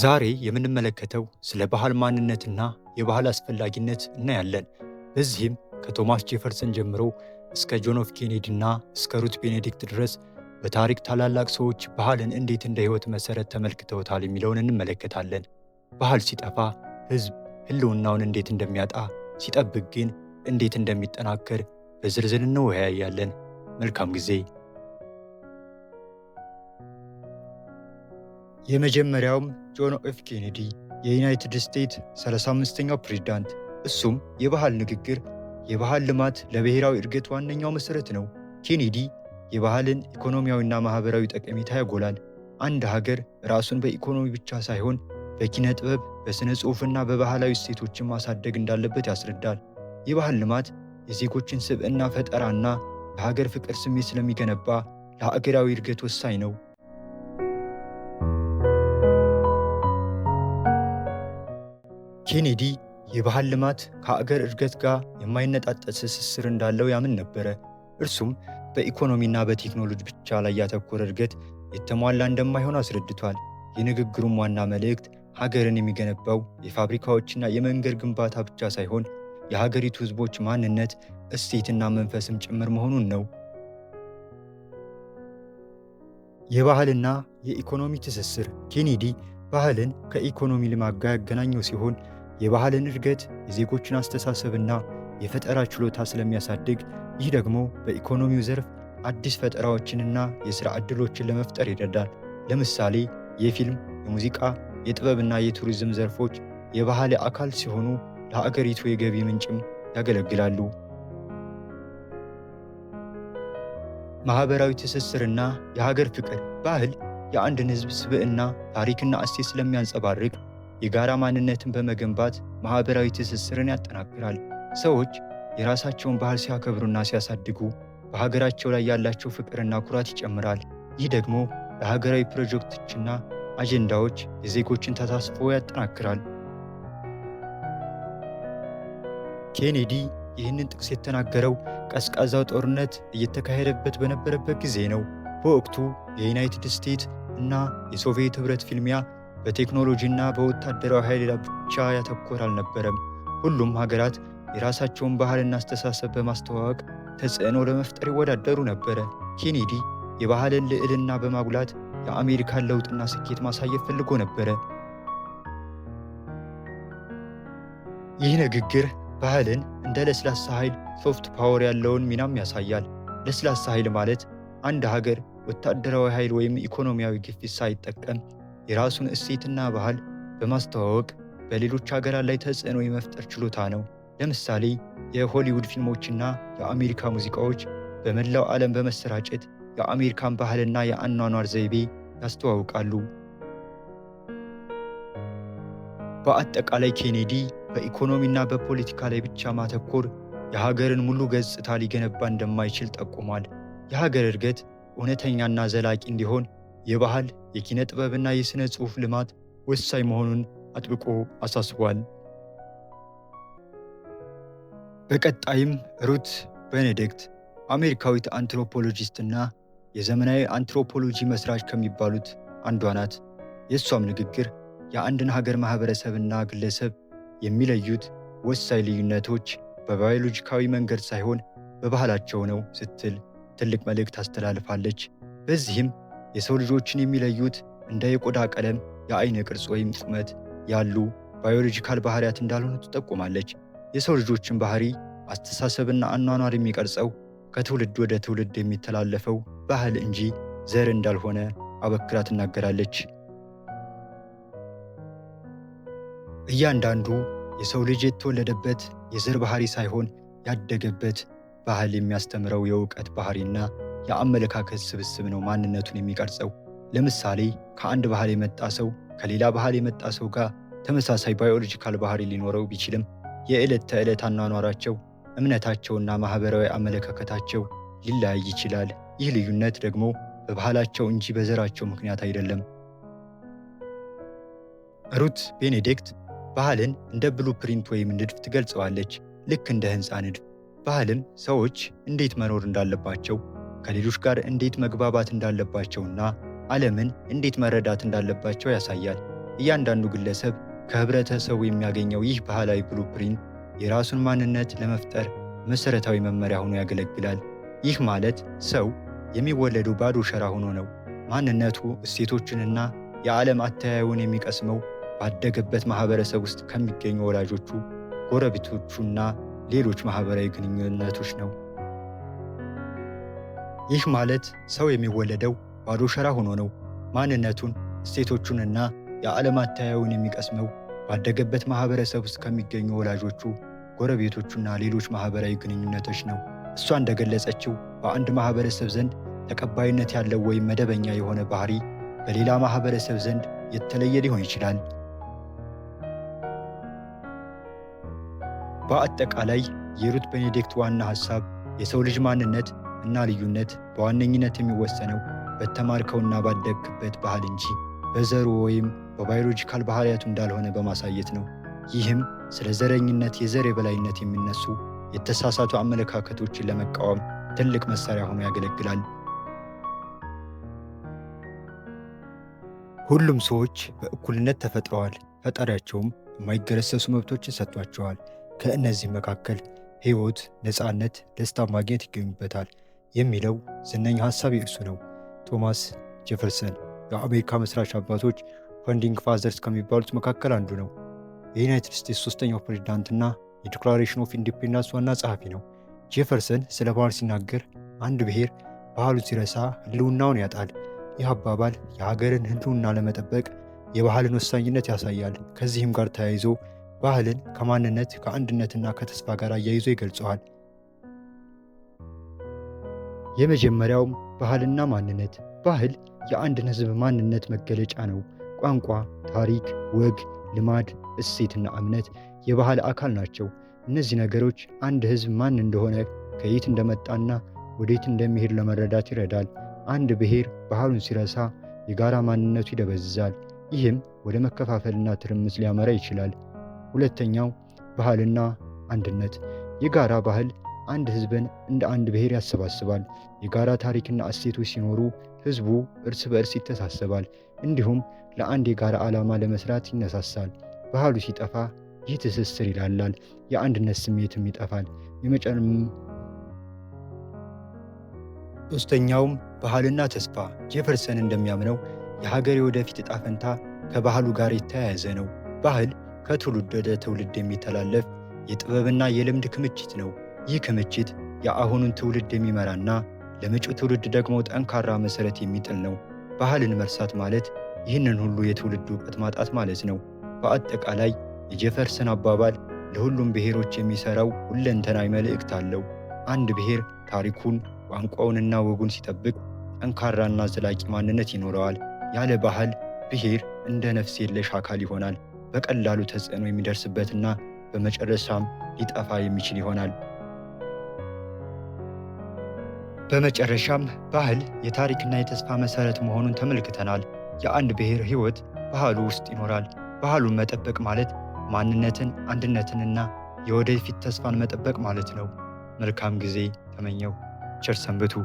ዛሬ የምንመለከተው ስለ ባህል ማንነትና የባህል አስፈላጊነት እናያለን። በዚህም ከቶማስ ጄፈርሰን ጀምሮ እስከ ጆን ኤፍ ኬኔዲ እና እስከ ሩት ቤኔዲክት ድረስ በታሪክ ታላላቅ ሰዎች ባህልን እንዴት እንደ ሕይወት መሠረት ተመልክተውታል የሚለውን እንመለከታለን። ባህል ሲጠፋ ሕዝብ ሕልውናውን እንዴት እንደሚያጣ፣ ሲጠብቅ ግን እንዴት እንደሚጠናከር በዝርዝር እንወያያለን። መልካም ጊዜ። የመጀመሪያውም ጆን ኤፍ ኬኔዲ የዩናይትድ ስቴትስ 35ኛው ፕሬዝዳንት። እሱም የባህል ንግግር የባህል ልማት ለብሔራዊ እድገት ዋነኛው መሠረት ነው። ኬኔዲ የባህልን ኢኮኖሚያዊና ማኅበራዊ ጠቀሜታ ያጎላል። አንድ ሀገር ራሱን በኢኮኖሚ ብቻ ሳይሆን በኪነ ጥበብ፣ በሥነ ጽሑፍና በባህላዊ እሴቶችን ማሳደግ እንዳለበት ያስረዳል። የባህል ልማት የዜጎችን ስብዕና ፈጠራና የሀገር ፍቅር ስሜት ስለሚገነባ ለሀገራዊ እድገት ወሳኝ ነው። ኬኔዲ የባህል ልማት ከአገር እድገት ጋር የማይነጣጠል ትስስር እንዳለው ያምን ነበረ። እርሱም በኢኮኖሚና በቴክኖሎጂ ብቻ ላይ ያተኮረ እድገት የተሟላ እንደማይሆን አስረድቷል። የንግግሩም ዋና መልእክት ሀገርን የሚገነባው የፋብሪካዎችና የመንገድ ግንባታ ብቻ ሳይሆን የሀገሪቱ ሕዝቦች ማንነት፣ እሴትና መንፈስም ጭምር መሆኑን ነው። የባህልና የኢኮኖሚ ትስስር ኬኔዲ ባህልን ከኢኮኖሚ ልማት ጋር ያገናኘው ሲሆን የባህልን እድገት የዜጎችን አስተሳሰብና የፈጠራ ችሎታ ስለሚያሳድግ፣ ይህ ደግሞ በኢኮኖሚው ዘርፍ አዲስ ፈጠራዎችንና የሥራ ዕድሎችን ለመፍጠር ይረዳል። ለምሳሌ የፊልም፣ የሙዚቃ፣ የጥበብና የቱሪዝም ዘርፎች የባህል አካል ሲሆኑ ለሀገሪቱ የገቢ ምንጭም ያገለግላሉ። ማህበራዊ ትስስርና የሀገር ፍቅር ባህል የአንድን ሕዝብ ስብዕና፣ ታሪክና እሴት ስለሚያንጸባርቅ የጋራ ማንነትን በመገንባት ማኅበራዊ ትስስርን ያጠናክራል። ሰዎች የራሳቸውን ባህል ሲያከብሩና ሲያሳድጉ በሀገራቸው ላይ ያላቸው ፍቅርና ኩራት ይጨምራል። ይህ ደግሞ ለሀገራዊ ፕሮጀክቶችና አጀንዳዎች የዜጎችን ተሳትፎ ያጠናክራል። ኬኔዲ ይህንን ጥቅስ የተናገረው ቀዝቃዛው ጦርነት እየተካሄደበት በነበረበት ጊዜ ነው። በወቅቱ የዩናይትድ ስቴትስ እና የሶቪየት ኅብረት ፊልሚያ በቴክኖሎጂና በወታደራዊ ኃይል ብቻ ያተኮረ አልነበረም። ሁሉም ሀገራት የራሳቸውን ባህልና አስተሳሰብ በማስተዋወቅ ተጽዕኖ ለመፍጠር ይወዳደሩ ነበረ። ኬኔዲ የባህልን ልዕልና በማጉላት የአሜሪካን ለውጥና ስኬት ማሳየት ፈልጎ ነበረ። ይህ ንግግር ባህልን እንደ ለስላሳ ኃይል ሶፍት ፓወር ያለውን ሚናም ያሳያል። ለስላሳ ኃይል ማለት አንድ ሀገር ወታደራዊ ኃይል ወይም ኢኮኖሚያዊ ግፊት ሳይጠቀም የራሱን እሴትና ባህል በማስተዋወቅ በሌሎች ሀገራት ላይ ተጽዕኖ የመፍጠር ችሎታ ነው። ለምሳሌ የሆሊውድ ፊልሞችና የአሜሪካ ሙዚቃዎች በመላው ዓለም በመሰራጨት የአሜሪካን ባህልና የአኗኗር ዘይቤ ያስተዋውቃሉ። በአጠቃላይ ኬኔዲ በኢኮኖሚና በፖለቲካ ላይ ብቻ ማተኮር የሀገርን ሙሉ ገጽታ ሊገነባ እንደማይችል ጠቁሟል። የሀገር እድገት እውነተኛና ዘላቂ እንዲሆን የባህል የኪነ ጥበብና የሥነ ጽሑፍ ልማት ወሳኝ መሆኑን አጥብቆ አሳስቧል። በቀጣይም ሩት ቤኔዲክት አሜሪካዊት አንትሮፖሎጂስትና የዘመናዊ አንትሮፖሎጂ መስራች ከሚባሉት አንዷ ናት። የእሷም ንግግር የአንድን ሀገር ማኅበረሰብና ግለሰብ የሚለዩት ወሳኝ ልዩነቶች በባዮሎጂካዊ መንገድ ሳይሆን በባህላቸው ነው ስትል ትልቅ መልእክት አስተላልፋለች። በዚህም የሰው ልጆችን የሚለዩት እንደ የቆዳ ቀለም፣ የአይን ቅርጽ ወይም ቁመት ያሉ ባዮሎጂካል ባህሪያት እንዳልሆኑ ትጠቁማለች። የሰው ልጆችን ባህሪ፣ አስተሳሰብና አኗኗር የሚቀርጸው ከትውልድ ወደ ትውልድ የሚተላለፈው ባህል እንጂ ዘር እንዳልሆነ አበክራ ትናገራለች። እያንዳንዱ የሰው ልጅ የተወለደበት የዘር ባህሪ ሳይሆን ያደገበት ባህል የሚያስተምረው የእውቀት ባህሪና የአመለካከት ስብስብ ነው ማንነቱን የሚቀርጸው። ለምሳሌ ከአንድ ባህል የመጣ ሰው ከሌላ ባህል የመጣ ሰው ጋር ተመሳሳይ ባዮሎጂካል ባህሪ ሊኖረው ቢችልም የዕለት ተዕለት አኗኗራቸው፣ እምነታቸውና ማህበራዊ አመለካከታቸው ሊለያይ ይችላል። ይህ ልዩነት ደግሞ በባህላቸው እንጂ በዘራቸው ምክንያት አይደለም። ሩት ቤኔዲክት ባህልን እንደ ብሉ ፕሪንት ወይም ንድፍ ትገልጸዋለች። ልክ እንደ ህንፃ ንድፍ ባህልም ሰዎች እንዴት መኖር እንዳለባቸው ከሌሎች ጋር እንዴት መግባባት እንዳለባቸውና ዓለምን እንዴት መረዳት እንዳለባቸው ያሳያል። እያንዳንዱ ግለሰብ ከህብረተሰቡ የሚያገኘው ይህ ባህላዊ ብሉፕሪንት የራሱን ማንነት ለመፍጠር መሠረታዊ መመሪያ ሆኖ ያገለግላል። ይህ ማለት ሰው የሚወለደው ባዶ ሸራ ሆኖ ነው። ማንነቱ እሴቶችንና የዓለም አተያየውን የሚቀስመው ባደገበት ማኅበረሰብ ውስጥ ከሚገኙ ወላጆቹ፣ ጎረቤቶቹና ሌሎች ማኅበራዊ ግንኙነቶች ነው። ይህ ማለት ሰው የሚወለደው ባዶ ሸራ ሆኖ ነው። ማንነቱን እሴቶቹንና የዓለም አተያዩን የሚቀስመው ባደገበት ማህበረሰብ ውስጥ ከሚገኙ ወላጆቹ፣ ጎረቤቶቹና ሌሎች ማህበራዊ ግንኙነቶች ነው። እሷ እንደገለጸችው በአንድ ማህበረሰብ ዘንድ ተቀባይነት ያለው ወይም መደበኛ የሆነ ባህሪ በሌላ ማህበረሰብ ዘንድ የተለየ ሊሆን ይችላል። በአጠቃላይ የሩት ቤኔዲክት ዋና ሐሳብ የሰው ልጅ ማንነት እና ልዩነት በዋነኝነት የሚወሰነው በተማርከውና ባደግክበት ባህል እንጂ በዘሩ ወይም በባዮሎጂካል ባህሪያቱ እንዳልሆነ በማሳየት ነው። ይህም ስለ ዘረኝነት፣ የዘር የበላይነት የሚነሱ የተሳሳቱ አመለካከቶችን ለመቃወም ትልቅ መሳሪያ ሆኖ ያገለግላል። ሁሉም ሰዎች በእኩልነት ተፈጥረዋል። ፈጣሪያቸውም የማይገረሰሱ መብቶችን ሰጥቷቸዋል። ከእነዚህ መካከል ሕይወት፣ ነፃነት፣ ደስታ ማግኘት ይገኙበታል። የሚለው ዝነኛ ሀሳብ የእርሱ ነው። ቶማስ ጀፈርሰን የአሜሪካ መስራች አባቶች ፈንዲንግ ፋዘርስ ከሚባሉት መካከል አንዱ ነው። የዩናይትድ ስቴትስ ሶስተኛው ፕሬዝዳንትና የዲክላሬሽን ኦፍ ኢንዲፔንዳንስ ዋና ጸሐፊ ነው። ጄፈርሰን ስለ ባህል ሲናገር አንድ ብሔር ባህሉ ሲረሳ ህልውናውን ያጣል። ይህ አባባል የሀገርን ህልውና ለመጠበቅ የባህልን ወሳኝነት ያሳያል። ከዚህም ጋር ተያይዞ ባህልን ከማንነት ከአንድነትና ከተስፋ ጋር አያይዞ ይገልጸዋል። የመጀመሪያውም ባህልና ማንነት። ባህል የአንድን ህዝብ ማንነት መገለጫ ነው። ቋንቋ፣ ታሪክ፣ ወግ፣ ልማድ፣ እሴትና እምነት የባህል አካል ናቸው። እነዚህ ነገሮች አንድ ህዝብ ማን እንደሆነ ከየት እንደመጣና ወዴት እንደሚሄድ ለመረዳት ይረዳል። አንድ ብሔር ባህሉን ሲረሳ የጋራ ማንነቱ ይደበዝዛል። ይህም ወደ መከፋፈልና ትርምስ ሊያመራ ይችላል። ሁለተኛው ባህልና አንድነት የጋራ ባህል አንድ ህዝብን እንደ አንድ ብሔር ያሰባስባል። የጋራ ታሪክና እሴቶች ሲኖሩ ህዝቡ እርስ በእርስ ይተሳሰባል፣ እንዲሁም ለአንድ የጋራ ዓላማ ለመስራት ይነሳሳል። ባህሉ ሲጠፋ ይህ ትስስር ይላላል፣ የአንድነት ስሜትም ይጠፋል። የመጨረም ሶስተኛውም ባህልና ተስፋ ጄፈርሰን እንደሚያምነው የሀገር የወደፊት ዕጣ ፈንታ ከባህሉ ጋር የተያያዘ ነው። ባህል ከትውልድ ወደ ትውልድ የሚተላለፍ የጥበብና የልምድ ክምችት ነው። ይህ ክምችት የአሁኑን ትውልድ የሚመራና ለመጪው ትውልድ ደግሞ ጠንካራ መሠረት የሚጥል ነው። ባህልን መርሳት ማለት ይህንን ሁሉ የትውልድ ውቀት ማጣት ማለት ነው። በአጠቃላይ የጄፈርሰን አባባል ለሁሉም ብሔሮች የሚሠራው ሁለንተናዊ መልእክት አለው። አንድ ብሔር ታሪኩን ቋንቋውንና ወጉን ሲጠብቅ ጠንካራና ዘላቂ ማንነት ይኖረዋል። ያለ ባህል ብሔር እንደ ነፍስ የለሽ አካል ይሆናል። በቀላሉ ተጽዕኖ የሚደርስበትና በመጨረሻም ሊጠፋ የሚችል ይሆናል። በመጨረሻም ባህል የታሪክና የተስፋ መሰረት መሆኑን ተመልክተናል። የአንድ ብሔር ህይወት ባህሉ ውስጥ ይኖራል። ባህሉን መጠበቅ ማለት ማንነትን፣ አንድነትንና የወደፊት ተስፋን መጠበቅ ማለት ነው። መልካም ጊዜ ተመኘው። ቸር ሰንብቱ።